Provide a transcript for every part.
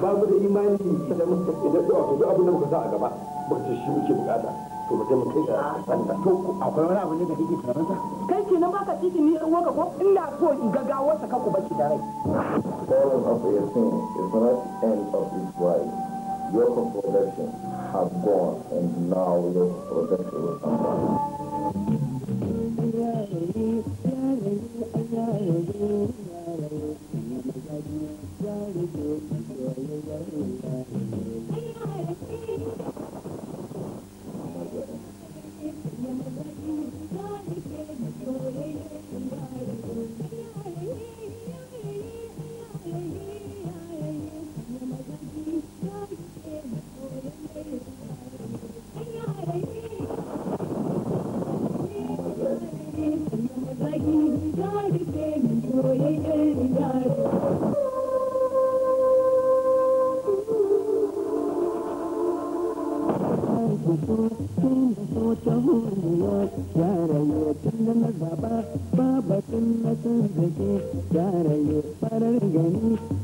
babu da imani da muka da da to duk abin da muka sa a gaba ba ce shi muke bukata to mutum kai ga sanda to akwai wani abu ne da kike tunanin sa kai nan baka titi ni uwa ka ko inda ko in gaggawa ka ku baki da rai Falling of the sin is not the end of this life. Your production have gone and now your production will come back. Baba, Baba, Baba, Baba, Baba, Baba, Baba, Baba,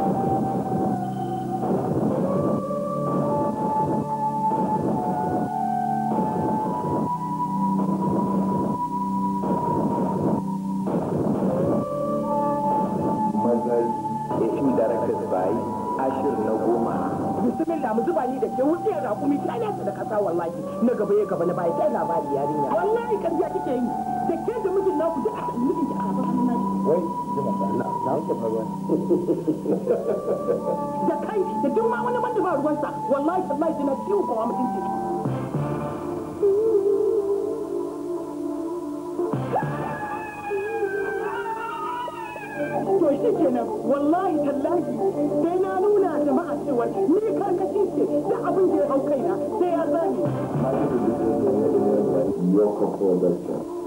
A ashir na goma bismillah mu zuba ni da ke wuce da kasa wallahi na gaba ya gaba na kai labari yarinya wallahi kike yi da ke da mijin naku a mijin ki a gaba na wai jima na na da kai da duk ma wani ba ruwansa wallahi wallahi ciwo mutunci to shi kenan wallahi tallahi wani ni karkashi abin ya kaina sai ya